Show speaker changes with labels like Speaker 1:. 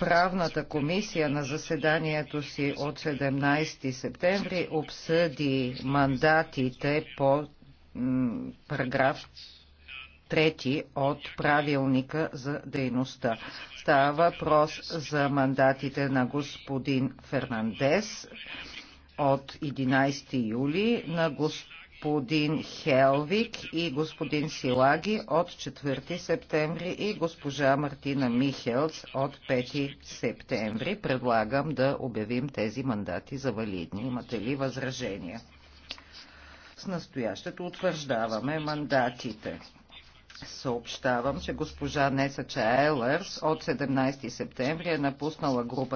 Speaker 1: Правната комисия на заседанието си от 17 септември обсъди мандатите по параграф 3 от правилника за дейността. Става въпрос за мандатите на господин Фернандес от 11 юли, на господин господин Хелвик и господин Силаги от 4 септември и госпожа Мартина Михелц от 5 септември. Предлагам да обявим тези мандати за валидни. Имате ли възражения? С настоящето утвърждаваме мандатите. Съобщавам, че госпожа Неса Чайлърс от 17 септември
Speaker 2: е напуснала група.